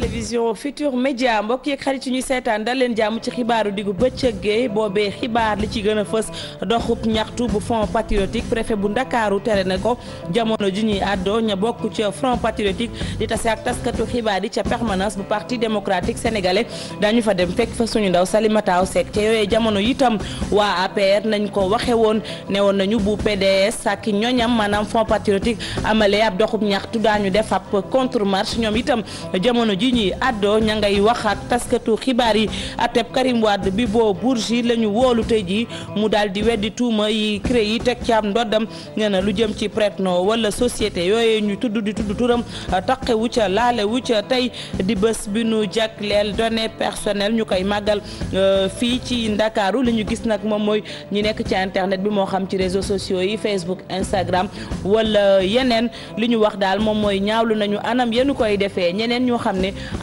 télévision Futur Média mbokk yeeg xarit ñu sétane dal leen jamm ci xibaaru digu bëccëg gi boobee xibaar li ci gëna fess doxup ñaxtu bu front patriotique préfet bu ndakaaru tere na ko jamono ju ñuy àddoo ña bokku ci front patriotique di tase ak taskatu xibaar yi ca permanence bu parti démocratique sénégalais dañu fa dem fekk fa suñu ndaw Salimata Seck té yoyé jamono yitam wa APR nañ ko waxé won ne woon nañu bu PDS ak ñoñam manam front patriotique amalé ab doxup ñaxtu dañu def ab contre marche ñom itam jamono ji bi ñuy àddoo ña ngay wax ak taskatu xibaar yi ateb Karim bi boo Bourgi la ñu wóolu tey jii mu daal di weddi tuuma yi cré yi teg ci am ndoddam nee na lu jëm ci prête-nom wala société yooyu ñu tudd di tudd turam taqewu ca laalewu ca tey di bës bi nu jagleel données personnel ñu koy màggal euh, fii ci Ndakaaru li ñu gis nag moom mooy ñu nekk ci internet bi moo xam ci réseau sociaux yi Facebook Instagram wala yeneen li ñu wax daal moom mooy ñaawlu nañu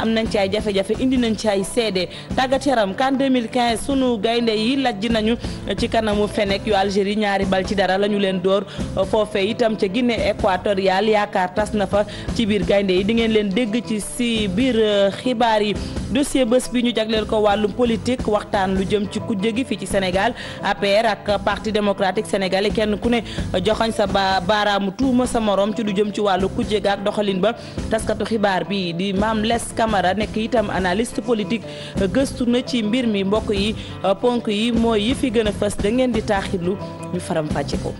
am nañ ci ay jafe-jafe indi nañ ci ay seede tàggat yaram kan 2015 sunu gaynde yi lajj nañu ci kanamu fenek yu Algérie ñaari bal ci dara lañu leen door foofe itam ca Guinée équatoriale yaakaar tas na fa ci biir gaynde yi di ngeen leen dégg ci si biir euh, xibaar yi dossier bés bi ñu jagleel ko wàllum politique waxtaan lu jëm ci kujje gi fii ci Sénégal APR ak parti démocratique sénégalais kenn ku ne joxoñ sa ba baaraamu tuuma sa morom ci lu jëm ci wàllu kujje ga ak doxalin ba taskatu xibaar bi di Mame les Camara nekk itam analyste politique gëstu na ci mbir mi mbokk yi ponk yi mooy yi fi gën a fës da ngeen di taaxirlu ñu faram fàcce ko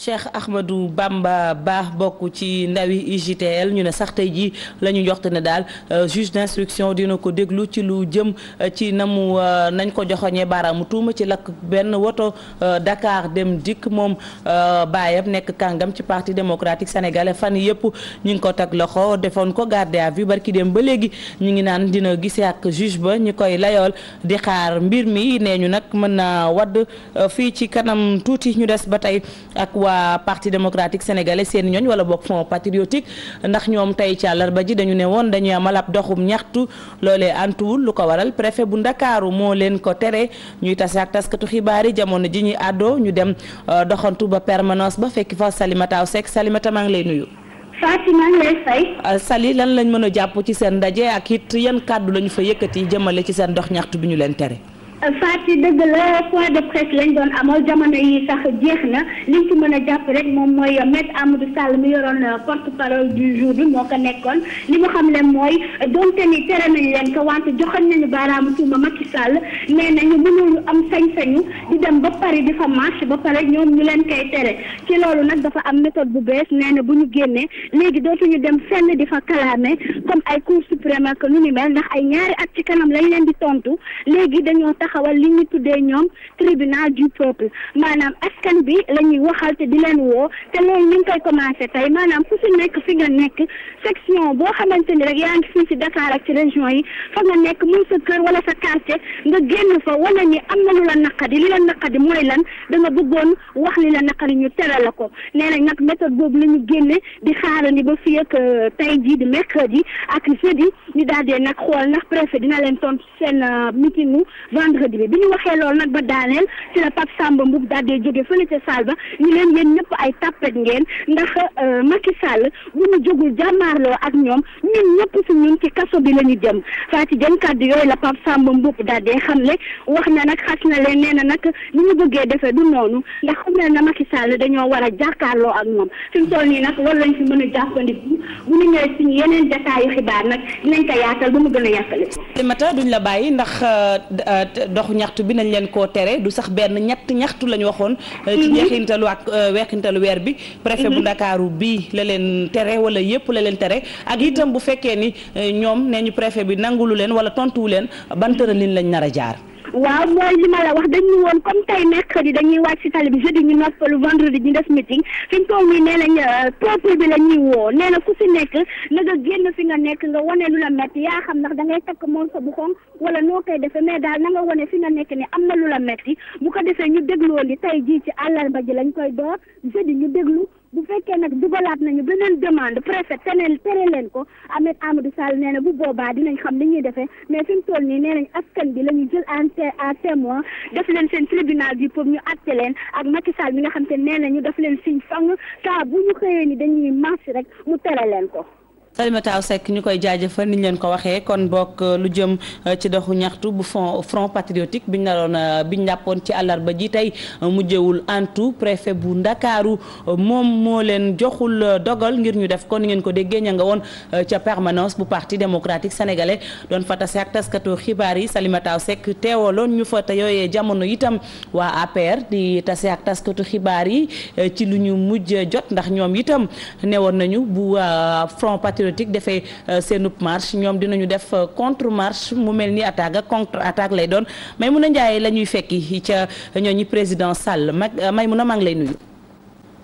Cheikh Ahmadou Bamba baax bokk ci ndawi UJTL ñu ne sax tey jii la ñu joxte ne daal euh, juge d'instruction dina ko déglu ci lu jëm euh, ci namu euh, nañ ko joxoñee baaraamu tuuma ci lakk benn woto dakaar dem dikk moom baayam nekk kàngam ci parti démocratique sénégalais fan yëpp ñu ngi ko teg loxo defoon ko garde à vue barki dem ba léegi ñu ngi naan dina gise ak juge ba ñu koy layool di xaar mbir mi nee ñu nag mën na wadd fii ci kanam tuuti ñu des ba tey ak waa waa parti démocratique sénégalais seen ñooñ wala bokk Front patriotique ndax ñoom tey ci àllarba ji dañu ne woon dañuy amal ab doxum ñaxtu loolee antuwul lu ko waral préfet bu ndakaaru moo leen ko tere ñuy tase ak taskatu xibaar yi jamono ji ñuy àddoo ñu dem euh, doxantu ba permanence ba fekki fa Salimata Seck Salimata maa ngi lay nuyu. Fatima maa lay fay. Euh, Sali lan lañ mën a jàpp ci seen ndaje ak it yan kàddu lañu fa yëkkati jëmale ci seen dox ñaxtu bi ñu leen tere. Faty dëgg la point de presse lañ doon amoon jamono yi sax jeex na liñ ci mën a jàpp rek moom mooy maître Amadou Sall mi yoroon euh, porte-parole du jour bi moo ko nekkoon li mu xam ne mooy donte ni tere nañ leen ko wante joxoon nañu baaraamu tuuma Macky Sall nee nañu mënuñu am sañ-sañu di dem ba Paris di fa marche ba pare ñoom ñu leen koy tere ci loolu nag dafa am méthode bu bees nee na bu ñu génnee léegi dootuñu dem fenn di fa kalaame comme ay cour suprême ak lu ni mel ndax ay ñaari at kanam lañ leen di tontu taxawal li ñu tuddee ñoom tribunal du peuple maanaam askan bi la ñuy waxal te di leen woo te loolu ñu ngi koy commencé tey maanaam fu su nekk fi nga nekk section boo xamante ni rek yaa ngi fii ci Dakar ak ci région yi fa nga nekk muy sa kër wala sa quartier nga génn fa wala ni am na lu la naqadi li la naqadi mooy lan da nga bëggoon wax li la naqadi ñu tere la ko nee nañ nag méthode boobu la ñu génne di xaarandi ba fii ak euh, tey jii di mercredi ak jeudi ñu daal di nag xool ndax préfet dina leen tontu seen euh, meeting vendredi bi bi ñu waxee loolu nag ba daaneel ci la Pape Samba Mboup daal di jóge fële ca salle ba ñu leen yéen ñëpp ay tàppet ngeen ndax euh, Macky Sall bu ñu jógul jàmmaarloo ak ñoom ñun bi la ñu jëm Fatou Dieng kàddu yooyu la Pape Samba Mboup daal di na nag xas na leen na ni ñu na ne Macky Sall dañoo war a jàkkaarloo ak moom fi mu toll nii nag loolu lañ fi mën a jàppandiku bu ñu ñëwee suñu yeneen jataayu xibaar nag dinañ ko yaatal ba mu gën a yàqale. Mata duñ la bàyyi ndax euh, euh, doxu ñaxtu bi nañ leen ko tere du sax benn ñett ñaxtu lañ waxoon euh, ci mhm. jeexintalu ak euh, weexintalu weer bi préfet bu mhm. ndakaaru bii la leen tere wala yëpp la leen tere ak mhm. itam bu fekkee ni euh, ñoom nee ñu préfet bi nanguwu leen wala tontuwu leen ban tëralin lañ nar a jaar waaw mooy li ma la wax dañu woon comme tey mercredi dañuy wàcc ci tali bi jeudi ñu noppalu vendredi ñu def meeting fi ñu toll nii ne nañ euh, peuple bi la ñuy woo nee na ku si nekk na nga génn fi nga nekk nga wane lu la metti yaa xam ndax da ngay takk morso bu xonq wala noo koy defee mais na nga wane fi nga nekk ne am na lu la metti bu ko defee ñu dégluwoon di tey jii ci àllarba gi lañ koy door di ñu déglu. bu fekkee nag dugalaat nañu beneen demande préfet teneen tere leen ko Ahmed Amadou Sall nee na bu boobaa dinañ xam ni ñuy defee mais fi mu toll nii nee nañ askan bi la ñu jël en à témoin def leen seen tribunal bi pour ñu atte leen ak Macky Sall bi nga xam te nee nañu dafa leen siñ fang saa bu ñu xëyee ni dañuy marche rek mu tere leen ko Salimata Seck ñu koy jaajëfal niñ leen ko waxee kon bok euh, lu jëm euh, ci doxu ñaxtu bu front patriotique biñ naroon euh, biñ jàppoon ci ji antu préfet bu karu mom moo leen joxul dogal ngir ñu def ko ni ngeen ko déggee permanence bu parti démocratique sénégalais doon fata seaktas ak taskatu xibaar yi Salimata Seck teewaloon ñu fa jamono itam wa APR di taseaktas ak taskatu xibaar yi ci lu ñu mujj jot ndax ñoom itam nañu bu front patriotique patriotique defee euh, seenub marche ñoom dina ñu def euh, contre marche mu mel ni attaque ak contre attaque lay doon Maimouna Ndiaye la ñuy fekki ca ñooñu président Sall mag euh, Maimouna maa man lay nuyu.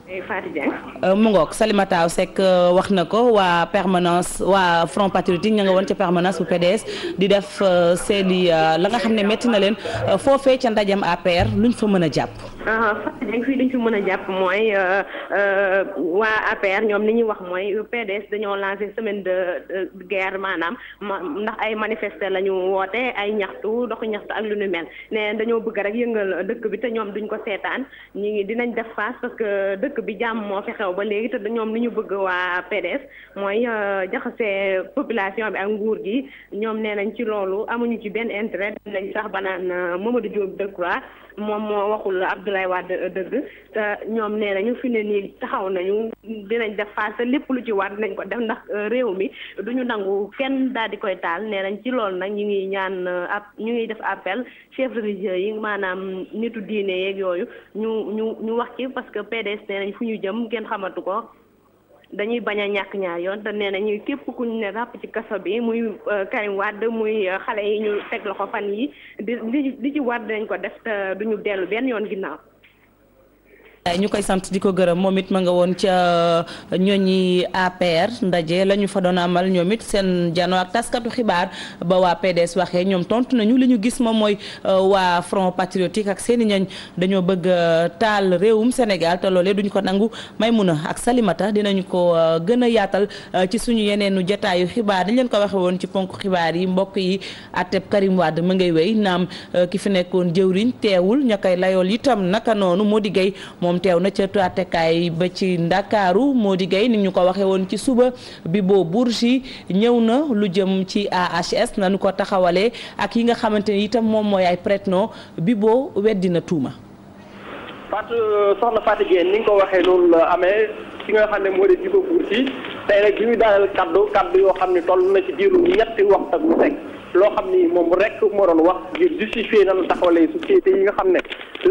Eh, Fatou Dieng. mu ngoog Salimata Seck wax na ko waa permanence waa Front Patriotique ña nga woon ca permanence bu PDS di def seeni la nga xam ne métti na leen foofee ca ndajam APR luñ fa mën a jàpp. Uh, dañ fi dañ fi mën moy jàpp mooy uh, uh, waa APR ñoom li ñuy wax mooy PDS dañoo lancé semaine de guerre maanaam ndax ay manifester lañu woote ay ñaxtu doxu ñaxtu ak lu ñu mel ne dañoo bëgg rek yëngal dëkk bi te ñoom duñ ko seetaan ñi ngi dinañ def face parce que dëkk bi jàmm moo fi xew ba léegi te ñoom li ñu bëgg waa PDS mooy population bi ak nguur gi nañ ci loolu amuñu ci intérêt sax Mamadou Diop waxul Abdoulaye Wade dëgg te ñoom nee nañu fi ne nii taxaw nañu dinañ def face lépp lu ci waat nañ ko def ndax euh, réew mi du ñu nangu kenn daal di koy taal nee nañ ci lool nag ñu ngi ñaan euh, ab ñu ngi def appel chef religieux yi maanaam nitu diine yeeg yooyu ñu ñu ñu wax ci parce que PDS nee fu ñu jëm kenn xamatu ko dañuy bañ a ñàkk ñaar yoon te nee nañu képp ku ñu ne ràpp ci kaso bi muy euh, Karim Wade muy euh, xale yi ñu teg loxo fan yi di di ci war dinañ ko def te duñu dellu benn yoon ginnaaw. ñu koy sant di ko gërëm moom it ma nga woon ca uh, ñooñi APR ndaje la ñu fa doon amal ñoom it seen jano ak taskatu xibaar ba waa PDS waxee ñoom tontu nañu li ñu gis moom mooy uh, waa Front Patriotique ak seen i dañoo bëgg uh, taal réewum Sénégal te loolee duñ ko nangu may Maymuna ak Salimata dinañu ko gën yaatal ci suñu yeneenu jataayu xibaar dañ leen ko waxe woon ci ponk xibaar yi mbokk yi àtteb Karim Wade ma ngay wéy naam ki fi nekkoon jëwriñ teewul moom teew na ca tuatekaay ba ci ndakaaru moo di gay ni ñu ko waxee woon ci suba bi boo Bourgi ñëw na lu jëm ci AHS nañu ko taxawalee ak yi nga xamante ni itam moom mooy ay prête-nom bi boo weddina tuuma Fatou soxna Fatou Gueye ni nga ko waxee loolu la amee ki nga xam ne moo di Bibo Bourgi tey nag bi ñu daaneel kaddu kaddu yoo xam ne toll na ci diiru ñetti waxtu ak lu teg loo xam ni moom rek moo doon wax ngir justifier nan taxawalee société yi nga xam ne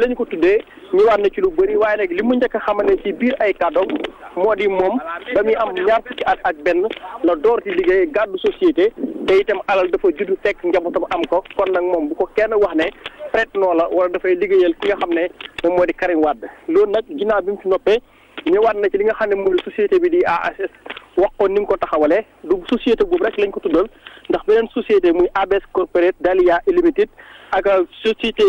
lañ ko tuddee ñëwaat na ci lu bëri waaye nag li mu njëkk a xamal ne ci biir ay kàddoom moo di moom ba muy am ñaar fukki at ak benn la door ci liggéey gàddu société te itam alal dafa juddu fekk njabootam am ko kon nag moom bu ko kenn wax ne prête noo la wala dafay liggéeyal ki nga xam ne moom moo di Karim Wade loolu nag ginnaaw bi mu ci noppee ñëwaat na ci li nga xam ne mooy société bi di AHS wax ko ni mu ko taxawalee du société boobu rek lañ ko tuddal ndax beneen société muy ABS corporate Dalia Limited ak société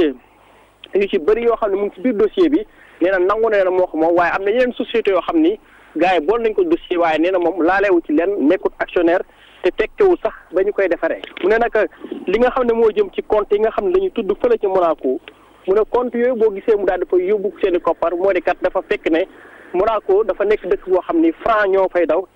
yu ci bëri yoo xam ne mu ngi biir dossier bi nee na nangu nee na moo ko moom waaye am na yeneen société yoo xam ni gars yi bool nañ ko dossier waaye nee na moom laalewu ci lenn nekkut actionnaire te tekkewul sax ba ñu koy defaree. mu ne nag li nga xam ne moo jëm ci compte yi nga xam ne dañuy tudd fële ci Monaco mu ne compte yooyu boo gisee mu daal dafa yóbbu seen i koppar moo di kat dafa fekk ne Monaco dafa nekk dëkk boo xam ni franc ñoo fay daw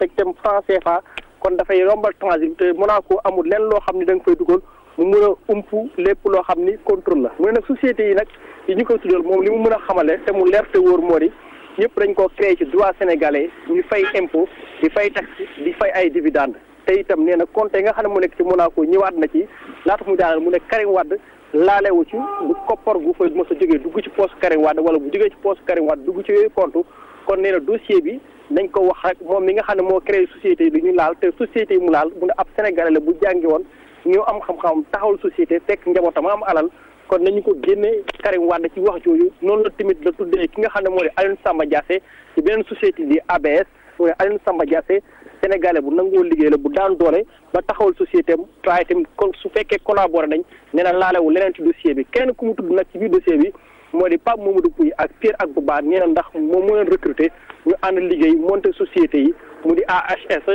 kon dafay yombal transit te Monaco amul lenn loo xam ni da nga fay dugal mu mën a ump lépp loo xam ni contrôle la. mu ne nag société yi nag yi ñu koy tuddal moom li mu mën a xamale te mu leer te wóor moo di ñëpp dañ ko créé ci droit sénégalais ñu fay impôt di fay taxe di fay ay dividende te itam nee na compte yi nga xam ne mu nekk ci Monaco ñëwaat na ci laata mu daaneel mu nekk Karim Wade laalewu ci bu koppar gu fay mos a jógee dugg ci poche Karim Wade wala bu jógee ci poche Karim Wade dugg ci yooyu kon nee na dossier bi nañ ko wax rek moom mi nga xam ne moo créé société yi ñu laal te société yi mu laal mu ne ab sénégalais la bu jàngi woon ñu am xam-xam taxawal société fekk njabootam am alal kon nañu ko génne Karim Wade ci wax jooju noonu la tamit la tuddee ki nga xam ne moo di Alioune Samba Diassé ci beneen société di ABS mu ne Alioune Samba Diassé sénégalais bu nangoo liggéey la bu daan doole ba taxawal société am waaye tamit kon su fekkee collaboré nañ nee na laalewu leneen ci dossier bi kenn ku mu tudd nag ci biir dossier bi moo di Pape Mamadou Pouy ak Pierre ak Bouba nee na ndax moom moo leen recruter ñu ànd liggéey monter société yi mu di AHS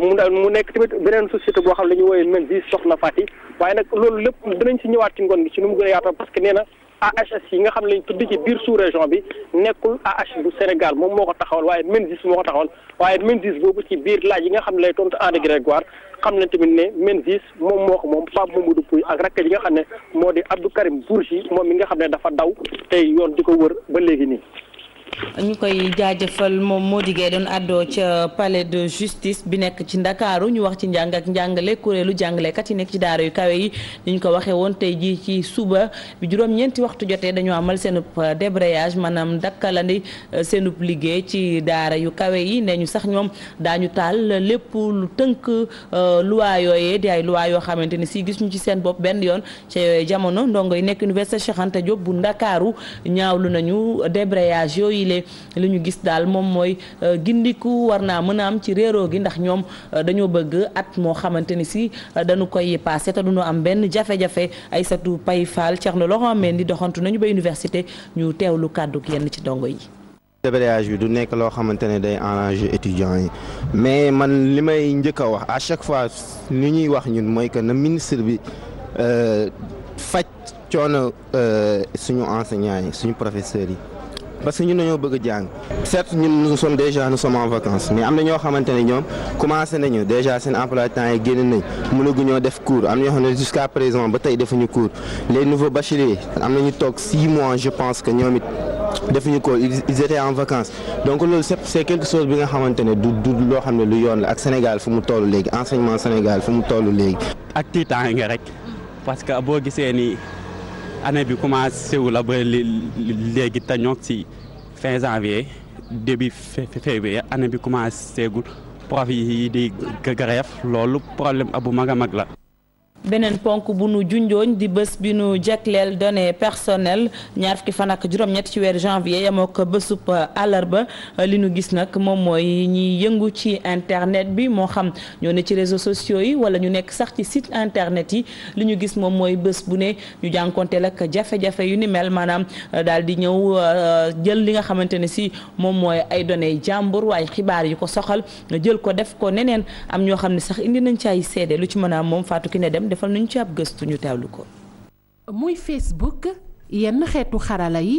mu nekk tamit beneen société boo xam ne ñu wooyee mel bi soxna Fati waaye nag loolu lépp dinañ si ñëwaat ci ngoon bi ci nu mu gën a yaatoo parce que nee na AHS yi nga xam ne lañ tudd ci biir sous région bi nekkul AH bu Sénégal moom moo ko taxawal waaye MENGIS moo ko taxawal waaye MENGIS boobu ci biir laaj yi nga xam ne lay tontu Anne xam leen tamit ne Menzies moom moo ko moom Pape du Pouy ak rakk ji nga xam ne moo di Abdou Karim si moom mi nga xam ne dafa daw tey yoon di ko wër ba léegi nii ñu koy jaajëfal moom moo digee doon àddoo ca palais de justice bi nekk ci ndakaaru ñu wax ci njàng ak njàngale kuréelu jàngalekat yi nekk ci daara yu kawe yi ni ñu ko waxee woon tey jii ci suba bi waxtu jotee dañoo amal seenub euh, débrayage maanaam dakkalandi euh, seenub liggéey ci daara yu kawe yi ne ñu sax ñoom daañu taal lépp lu tënk euh, luwaa yooyee di ay luwaa yoo xamante ni si gis ñu ci seen bopp benn yoon ca jamono ndongo yi nekk université Cheikh Anta Diop bu ndakaaru ñaawlu nañu débrayage yooyu yile li ñu gis daal moom mooy euh, gindiku war naa mën a am ci réeroo gi ndax ñoom euh, dañoo bëgg at moo xamante ni si euh, dañu koy passé te duñu am benn jafe-jafe Aïssatou Paye Fall Thierno Laurent Mendy doxantu nañu ba université ñu teewlu kàddu yenn ci dongo yi. débrayage bi du nekk loo xamante ne day arranger étudiants yi mais man li may njëkk a wax à chaque fois li ñuy wax ñun mooy que na ministre bi faj coono suñu enseignants yi suñu professeurs yi. parce que ñun dañoo bëgg a certes ñun nous sommes déjà nous sommes en vacances mais am na ñoo xamante ñoom commencé nañu déjà seen emploi temps yi génn nañ mënaguñoo def cours am na ñoo xam jusqu'à présent ba tey defuñu cours les nouveaux bacheliers am nañu toog six mois je pense que ñoom it defuñu ko ils étaient en vacances donc loolu c'est quelque chose bi nga xamante ne du du loo xam lu yoon la ak Sénégal fu mu toll enseignement Sénégal fu mu toll léegi. ak tiitaange rek parce que boo gisee nii année bi commencé wu la ba léegi te ñoo ci fin janvier début février année bi commencé gul prof yi di grève loolu problème abu mag a mag la beneen ponk bu nu junjooñ di bës bi nu jagleel données personnel ñaar fukki fan ak juróom-ñett ci weer janvier yamoo ko bésub àllarba li nu gis nag moom mooy ñiy yëngu ci internet bi moo xam ñoo ci réseaux sociaux yi wala ñu nekk sax ci site internet yi li ñu gis moom mooy bés bu ne ñu jànkonteel ak jafe-jafe yu ni mel maanaam daal di ñëw euh, jël li nga xamante ne si moom mooy ay données jàmbur waaye xibaar yi ko soxal na jël ko def ko neneen am ñoo xam ne sax indi nañ ci ay seede lu ci mën a moom ki ne dem defal nañu ci ab gëstu ñu teewlu ko. muy Facebook yenn xeetu xarala yi.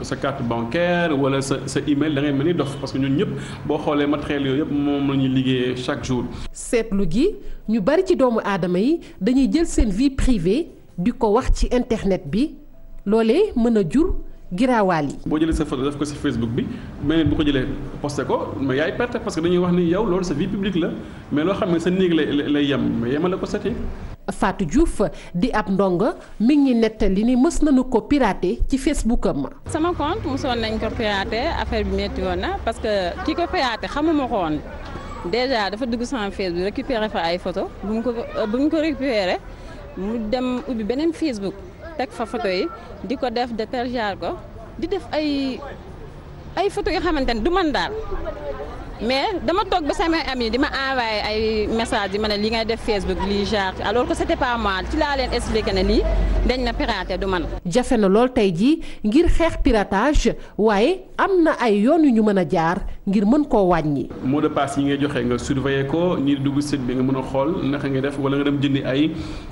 sa carte bancaire wala sa sa email da ngay mel dof parce que ñun ñëpp boo xoolee matériel yooyu yëpp moom la ñuy liggéeyee chaque jour. seetlu gi ñu bari ci doomu aadama yi dañuy jël seen vie privée di ko wax ci internet bi lolé mën jur. giraawaal yi. boo jëlee sa photo def ko ci Facebook bi mais bu ko jëlé posté ko mais yaay perte parce que dañuy wax ni yow loolu sa vie publique la mais lo xam sa néeg lay yam yem mais yemale ko sa Fatou Diouf di ab ndongo mi ngi nettali ni mës nañu ko piraté ci Facebook am. sama compte mosoon nañ ko piraté affaire bi métti woon na parce que ki ko piraté xamuma ko woon déjà dafa dugg sama Facebook récupéré fa ay photo bu mu ko bu mu ko récupéré mu dem ubbi beneen Facebook teg fa photo yi di ko def déterger ko di def ay ay photo yoo xamante ne du man daal. mais dama tok ba sama ami dima envoyer ay message yi ma li ngay def Facebook li genre alors que c'était pas mal ci la len expliquer ne lii dañ na pirater du man jafé na lol tay ji ngir xex piratage waaye amna ay yoon yu ñu mëna jaar ngir mën koo wàññi. mot de passe yi ngay joxe nga surveiller ko ñi dugg site bi nga mën a xool naka ngi def wala nga dem jëndi ay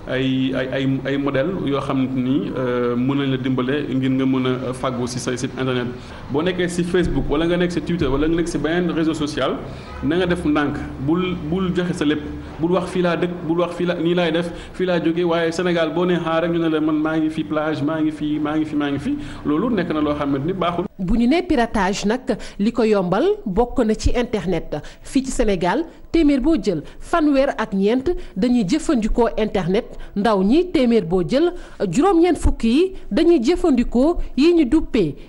ay ay ay ay modèle yoo xam ni euh, mën nañ la dimbale ngir nga mën a fàggu si sa site internet boo nekkee si Facebook wala nga nekk si Twitter wala nga nekk si beneen réseau social nanga nga def ndànk bul bul joxe sa lépp bul wax fii laa dëkk bul wax fii la nii laay def fii laa jóge waaye Sénégal boo nee xaar rek ñu ne la man maa ngi fi plage maa ngi fi maa ngi fi maa ngi fi loolu nekk na loo xam ne baaxul. bu ñu nee nag li ko yombal bokk ci internet Fi ci Sénégal temer bo jël fanwer ak ñent dañuy internet ndaw ñi bo juroom fukki dañuy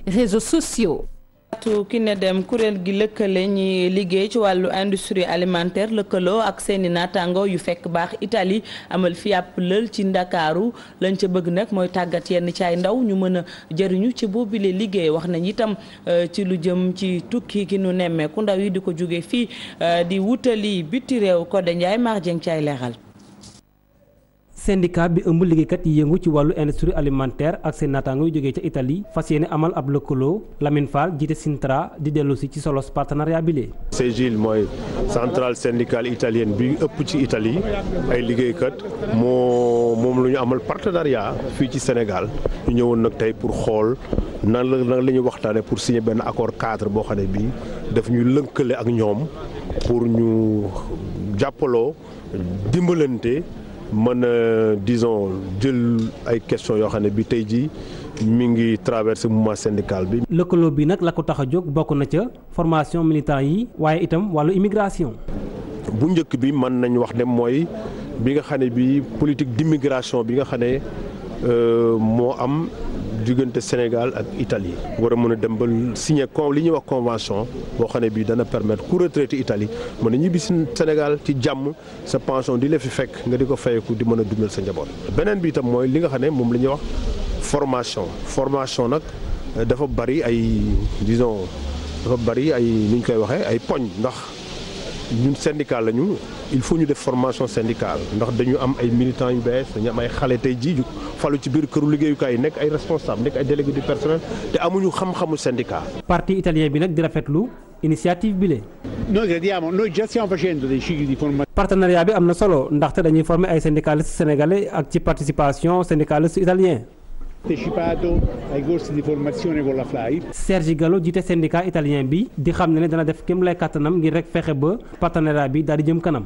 réseaux sociaux. Fatou ne dem kuréel gi lëkkale ñi liggéey ci wàllu industrie alimentaire lëkkaloo ak seeni naataango yu fekk baax itali amal fi lël ci ndakaaru lañ ca bëgg nag mooy tàggat yenn ci ay ndaw ñu mën a jëriñu ci boobile liggéey wax nañ itam euh, ci lu jëm ci tukki ki nu nemmeeku ndaw yi di ko jóge fii euh, di wutali biti réew Codé Ndiaye Mar Dieng ci ay leeral syndicat bi ëmb liggéeykat yi yëngu ci wàllu industrie alimentaire ak seen naataango yu jógee ca Italie fas yéene amal ab lëkkaloo Lamine Fall jiite Sintra di dellu si ci solos partenariat bi lee CGIL mooy centrale syndicale italienne bi ëpp ci Italie ay liggéeykat moo moom lu ñu amal partenariat fii ci Sénégal ñu ñëwoon nag tey pour xool nan la nan la ñu waxtaanee pour signer benn accord cadre boo xam ne bii daf ñuy lënkale ak ñoom pour ñu jàppaloo dimbalante. mën a disons jël ay questions yoo xam ne bi tey jii mi ngi traversé mouvement syndical bi. lëkkaloo bi nag la ko tax a jóg bokk na ca formation militant yi waaye itam wàllu immigration. bu njëkk bi mën nañu wax ne mooy bi nga xam ne bi politique d'immigration bi nga xam ne euh, moo am. diggante Sénégal ak Italie war a mën a dem ba signé con li ñuy wax convention boo xam ne bii dana permettre ku retraité Italie mën a ñibbi si Sénégal ci jàmm sa pension di la fi fekk nga di ko fayeku di mën a dundal sa njaboot. beneen bi itam mooy li nga xam ne moom la ñuy wax formation formation nag dafa bari ay disons dafa bari ay ni ñu koy waxee ay poñ ndax. ñun syndicat lañu il faut ñu def formation syndicale ndax dañu am ay militants yu bees dañu am ay xale tey jii falu ci biir këru liggéeyukaay kay nek ay responsable nek ay délégué du personnel té amuñu xam-xamu syndicat. parti italien bi nak di rafetlu initiative bi lé noi crediamo noi già stiamo facendo dei cicli di formazione. partenariat bi amna solo ndax té dañuy former ay syndicalistes sénégalais ak ci participation syndicalistes italiens. partecipato ai corsi di formazione con la FLAI. Sergi Gallo jiite syndicat italien bi di xam ne dana def kéem lay kàttanam ngir rek fexe ba partenariat bi daal di jëm kanam.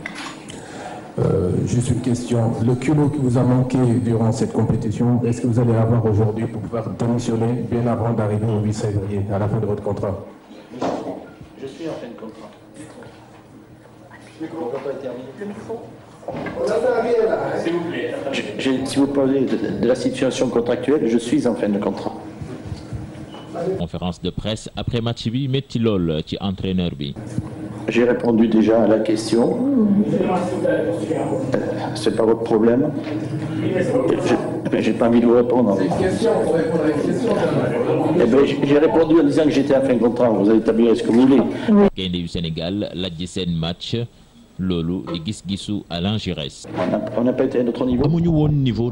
Euh, juste une question. Le culot qui vous a manqué durant cette compétition, est-ce que vous allez avoir aujourd'hui pour pouvoir démissionner bien avant d'arriver au 8 février, à la fin de votre contrat Je suis en fin de contrat. Le contrat est terminé. S'il vous si vous parlez de, la situation contractuelle, je suis en fin de contrat. Conférence de presse après match metti qui entraîneur b. J'ai répondu déjà à la question. C'est pas votre problème. J'ai pas envie de vous répondre. Eh ben, j'ai répondu en disant que j'étais à fin de contrat. Vous avez établi ce que vous voulez. Gain du Sénégal, la 17 match. Lolo et gisu à Giresse. on n'a pas été à notre niveau. niveau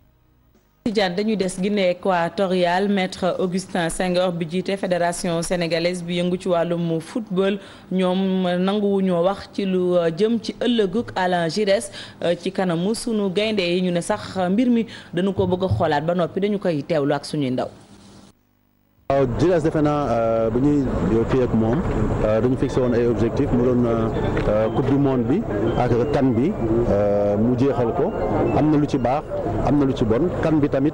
Tidiane dañuy des Guinée équatoriale maître Augustin Senghor bi jiite fédération sénégalaise bi yëngu ci wàllum football ñoom nanguwuñoo wax ci lu euh, jëm ci ëllëgug Alain euh, ci kanamu sunu gaynde yi ñu ne sax mbir mi dañu ko bëgg a xoolaat ba noppi dañu koy teewlu ak suñuy ndaw. waaw Djilass defe naa euh, bu ñuy euh, kii ak moom euh, dañu fixé woon ay objectif mu doon coupe du monde bi ak kan bi mu jeexal ko am na lu ci baax am na lu ci bon kan bi tamit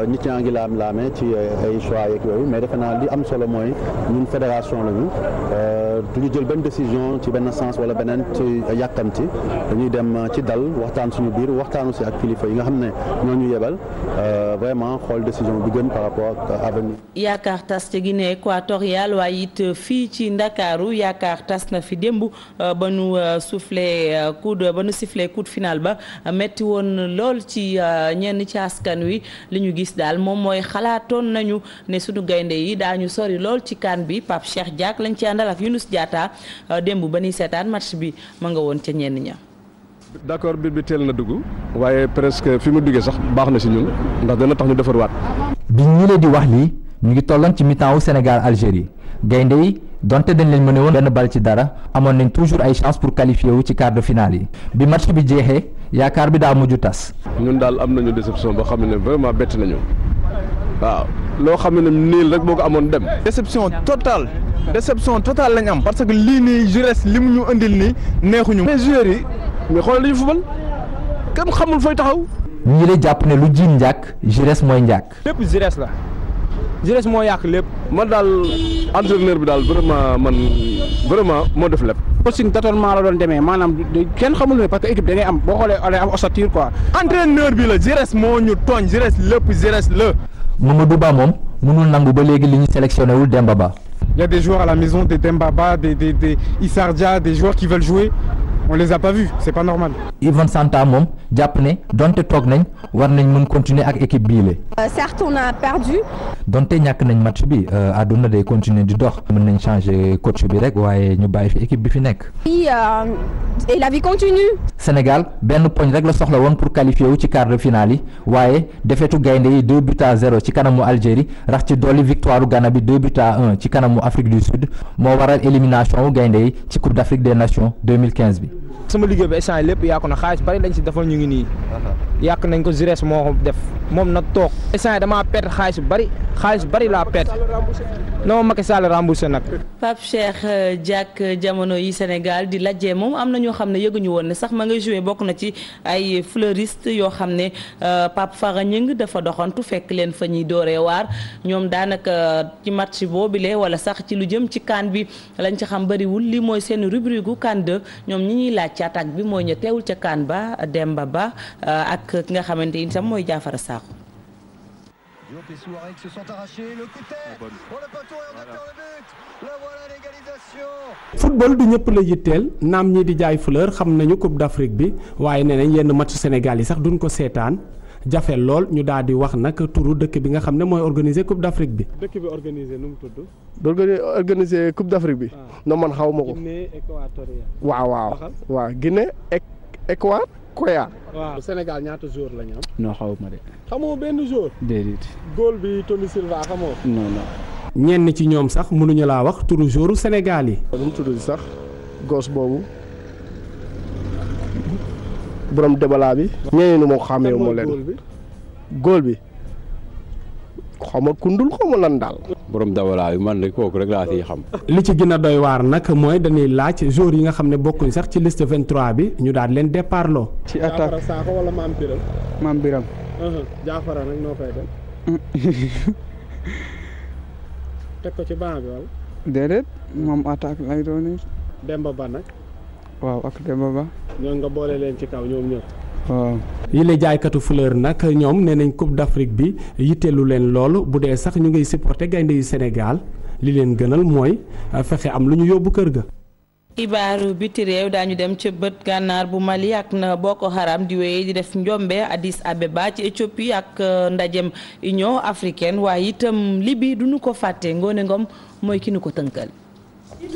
Euh, nit ñaa ngi la laamee ci euh, ay choix yeeg yooyu mais defe naa li am solo mooy ñun fédération lañu euh, du ñu jël benn décision ci benn sens wala beneen ci yàkkamti dañuy dem ci dal waxtaan suñu biir waxtaan aussi ak kilifa yi nga xam ne ñoo ñu yebal vraiment xool décision bi gën par rapport ak avenir. yakar tas ca Guinée équatoriale waaye it fii ci Ndakaaru yaakaar tas na fi démb ba nu soufflé coup de ba nu sifflé coup de final ba metti woon lool ci ñenn ci askan wi li ñu gis. gis daal moom mooy nanyu nañu ne sunu gaynde yi daañu sori lool ci kan bi Pape Cheikh Diack lañ ci àndal ak Younous setan, euh, démb ba ni match bi ma nga woon ca ñenn ña. d'accord biir bi teel na dugg waaye presque fi mu duggee sax ñun ndax dana tax ñu bi di wax lii ñu ngi tolloon ci mi-temps wu Sénégal Algérie gaynde yi donte dañ leen mëne woon benn bal ci dara amoon nañ toujours ay chance pour qualifier wu ci quart de finale bi match bi yaakaar bi daa mujj tas. ñun daal am nañu déception boo xam ne vraiment bett nañu waaw loo xam ne nii rek boo ko amoon dem. déception totale déception totale lañ am parce que lii nii jurès li mu ñu indil nii neexuñu. mais joueurs yi mais xoolal li ñu fubal kenn xamul fay taxaw. ñi la jàpp ne lu jiin njàkk jurès mooy njàkk. lépp jurès la jeunesse moo yàq lépp man daal entraîneur bi daal vraiment man vraiment moo def lépp. coaching tâtonnement la doon demee maanaam kenn xamul ne parce que équipe da ngay am boo xoolee am ossature quoi. entraîneur bi la jeunesse moo ñu tooñ jeunesse lépp jeunesse la. Mamadou Ba moom mënul nangu ba léegi li ñu sélectionné wul Demba Ba. Il y a des joueurs à la maison, des Ba des, des, des Issardja, des joueurs qui veulent jouer on les a pas vus c'est pas normal. Yvan Santa mom jappné ne donte toog nañ war nañ mën continuer ak équipe bi lé. Euh, certes on a perdu. donte ñak nañ match bi aduna euh, day continuer di dox mën nañ changer coach bi rek wayé ñu bàyyi fi équipe bi fi euh, et la vie continue. Sénégal ben poñ rek la soxla won pour qualifier wu ci quart de finale yi waaye defetu gaynde yi 2 buts à 0 ci kanamu Algérie rax ci doli victoire Ghana bi 2 buts à 1 ci kanamu Afrique du Sud mo waral élimination wu gaynde yi ci Coupe d'Afrique des Nations 2015 sama liggéey bi instant lépp yàqu na xaalis bari lañ si defal ñu ngi nii. yàq nañ ko Zires moo def moom nag toog. instant damaa perte xaalis bu bari. xaalis bari laa perte na ma Macky Sall nag. Pape Cheikh euh, Diack euh, jamono yi Sénégal di lajjee moom am na ñoo xam ne yëguñu woon ne sax ma ngay joué bokk na ci ay fleuriste yoo xam ne euh, Pape Fara Ñing dafa doxantu fekk leen fa ñuy dooree waar ñoom daanaka ci match boobile wala sax ci lu jëm ci kan bi lañ ci xam bariwul li mooy seen rubrique gu kan ñoom ñi ñuy laaj ci bi mooy ñu teewul ca kan ba Demba Ba ak ki nga xamante ni mooy Jaafara Sakho Diop et Souareg se sont arrachés. Le coup de tête. Oh, le poteau et on voilà. le but. La voilà l'égalisation. football du ñëpp la yitteel naam ñi di jaay fleur xam nañu Coupe d'Afrique bi waaye nee yenn match Sénégal yi sax duñ ko sétane jafe lool ñu daal di wax nak turu dëkk bi nga xamné moy organiser Coupe d'Afrique bi. dëkk bi organiser nu mu tudd. d'organiser organiser Coupe d'Afrique bi. Ah. non man xawmako ma ko. Guinée Équatoriale. waaw waaw waaw Guinée Équatoriale. Koya. waaw Sénégal ñaata jour la ñu am. non xaw ma de. xamoo benn jour. déedéet. góol bi Tony Silva xamoo. non non. ñenn ci ñoom sax mënuñu laa wax turu jouru senegaal yi. nu mu tudd sax gos boobu boroom débalaa bi. ñeneen ñi moo xàmmee leen góol bi. xaw ma kundul xaw ma lan daal. boroom borom dawalaay man de kooku rek laa siy xam. li ci gën a doy waar nag mooy dañuy laaj joueurs yi nga xam ne bokkuñ sax ci liste 23 bi ñu daal leen départ ci attaque Jaafara Sakho wala maam Biram. maam Biram. Uh-huh. Jaafara nag noo koy def. ko ci banc bi wala. déedéet moom attaque lay doon. Demba Ba nag. waaw ak Demba Ba. ñoom nga boole leen ci kaw ñoom ñëpp. waaw euh, yile jaaykatu fleur nag ñoom nee nañ Coupe d'Afrique bi yitteelu leen loolu bu dee sax ñu ngi supporter gaynde yu senegaal li leen gënal mooy euh, fexe am lu ñu yóbbu kër ga. xibaar biti réew daañu dem ca bët gànnaar bu Mali ak na Boko Haram di wéy di def njombe Addis Abeba ci Éthiopie ak euh, ndajem Union africaine waaye itam Libye duñu ko fàtte Ngoné Ngom mooy ki nu ko tënkal.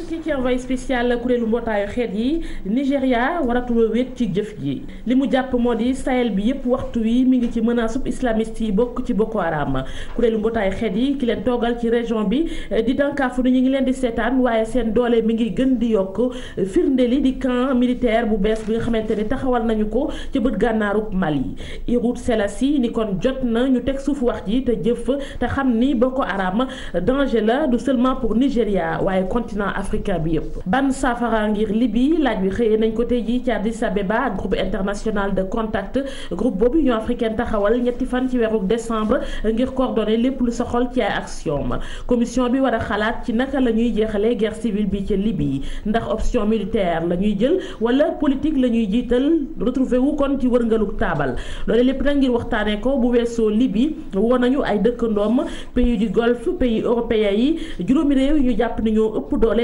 ci ci envoyé spécial kurelu mbootaayu xeet yi Nigeria waratula wéet ci jëf ji limu japp modi Sahel bi yep waxtu wi mi ngi ci menace islamiste yi bokk ci Boko Haram kurelu mbootaayu xeet yi ki len togal ci région bi eh, di dànkaafu ni ñu ngi len di seetaan waye sen doole mi ngi gën di yok firnde li di camp militaire bu bes bi nga xamante ni taxawal nañu ko ci bët gànnaaru Mali Hierou Sélassie ni kon jot na ñu tek suuf wax ji te jëf te xam ni Boko Haram danger la du seulement pour nigeria waye continent africain bi ban Safarangir ngir Libye laaj bi xëyee nañ ko tey jii ci Addis Abeba groupe international de contact groupe boobu Union africaine taxawal ñetti fan ci weeru décembre ngir coordonner lépp lu soxol ci ay action ma commission bi war a xalaat ci naka la ñuy jeexalee guerre civile bi ci Libye ndax option militaire la ñuy jël wala politique la ñuy jiital retrouvé wu kon ci wërngaluk taabal loolu lépp nag ngir waxtaanee ko bu weesoo Libye woo nañu ay dëkkandoom pays du Golfe pays européens yi juróomi réew ñu jàpp ni ñoo ëpp doole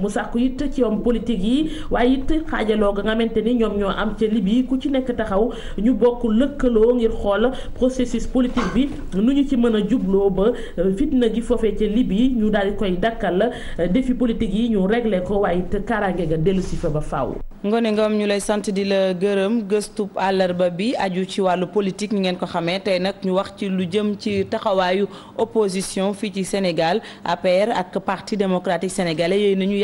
mu sàkku it ci homme politique yi waaye it xaajaloo nga xamante ni ñoom ñoo am ca Libye ku ci nekk taxaw ñu bokk lëkkaloo ngir xool processus politique bi nu ñu ci mën a jubloo ba euh, fitna gi foofee ca Libye ñu daal di koy dakkal euh, defi politique yi ñu réglé ko waaye it kaaraange ga dellusi fa ba faaw. Ngoné ngoom ñu lay sant di la gërëm gëstu àllarba bi aju ci wàllu politique ñu ngeen ko xamee tey nag ñu wax ci lu jëm ci taxawaayu opposition fii ci Sénégal APR ak parti démocratique sénégalais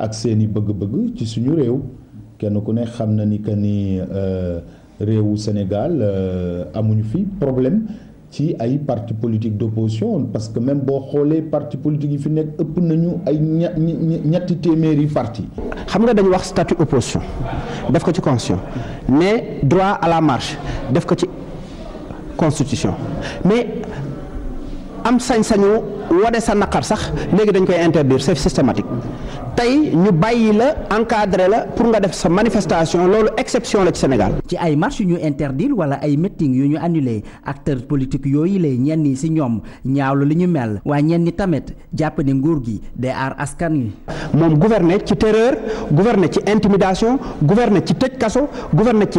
ak seeni i bëgg-bëgg ci suñu réew kenn ku ne xam na ni que ni euh, réewu Sénégal euh, amuñu fi problème ci ay parti politique d'opposition parce que même boo xoolee parti politique yi fi nekk ëpp nañu ay ña ñetti parti xam nga dañu wax statut opposition def ko ci constitution mais droit à la marche def ko ci constitution mais am sañ-sañu wane sa naqar sax dañ interdire c'est systématique ñu encadrer pour nga def manifestation exception Sénégal. ci ay interdire meeting yu ñu acteurs politiques mel tamet, nguur gi day askan gouverner terreur gouverner ci intimidation gouverner ci gouverner ci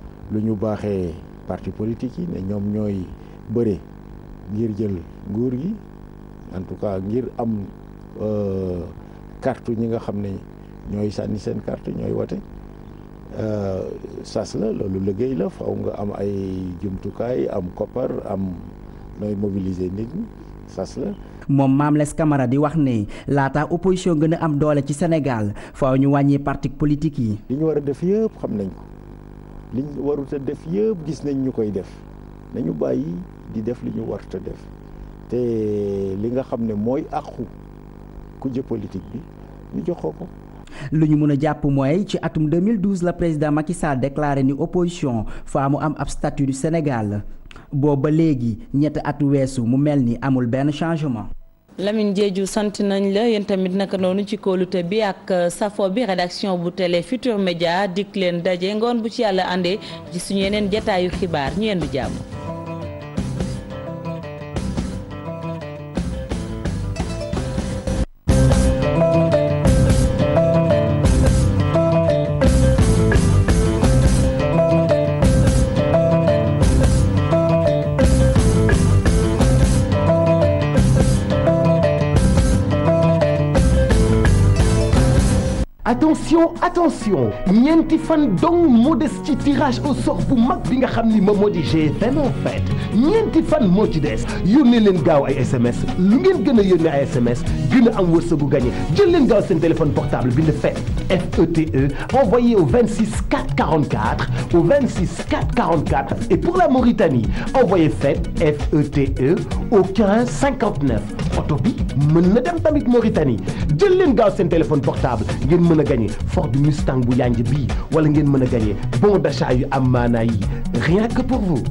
lu ñu baaxee parti politique yi ne ñoom ñooy bëre ngir jël nguur gi en tout cas ngir am euh, carte ñi nga xam ne ñooy sànni seen carte ñooy wate euh, sas la loolu liggéey la faw nga am ay jumtukaay am koppar am nooy mobiliser nit ñi sas la moom Mame Less Camara di wax ne laata opposition nga ne am doole ci Sénégal faw ñu wàññi parti politique yi li ñu war a def yëpp xam nañ ko li warut a def yëpp gis nañ ñu koy def nañu bàyyi di def li ñu warut def te li nga xam ne mooy àqu kuje politique bi ñu joxoo ko. lu ñu mën a jàpp mooy ci atum 2012 la président Macky Sall déclaré ni opposition faa mu am ab statut du Sénégal booba léegi ñetti at weesu mu mel ni amul benn changement. Lamine Diédhiou sant nañ la yéen tamit naka noonu ci kóolute bi ak euh, safo bi rédaction bu télé Futur Média dikk leen daje ngoon bu ci yàlla àndee ci suñu yeneen jataayu xibaar ñu yendu jàmm attention attention ñeenti fan dong moo tirage au sort pour mag bi nga xamni ni modi moo GFM en fait ñeenti fan mo ci des yónnee len gaaw ay SMS lu ngeen gëna ay SMS gëna am wërsegu gagné jël len gaaw sen téléphone portable bind FETE FETE envoyé au 26 444 au 26 444 et pour la Mauritanie envoyé fait FETE e au 15 59 oto bi mën dem tamit Mauritanie jël len gaaw sen téléphone portable ngeen a gagné Ford Mustang bu yànj bii wala ngeen mën a gagné bon achat yu am maanaa yi rien que pour vous.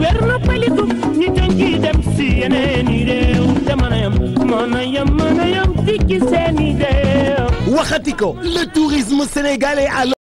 wér na paliku ñu jonki dem si yeneen i réew te mën a yem mën a yem mën dikki seen i réew waxati ko le tourisme sénégalais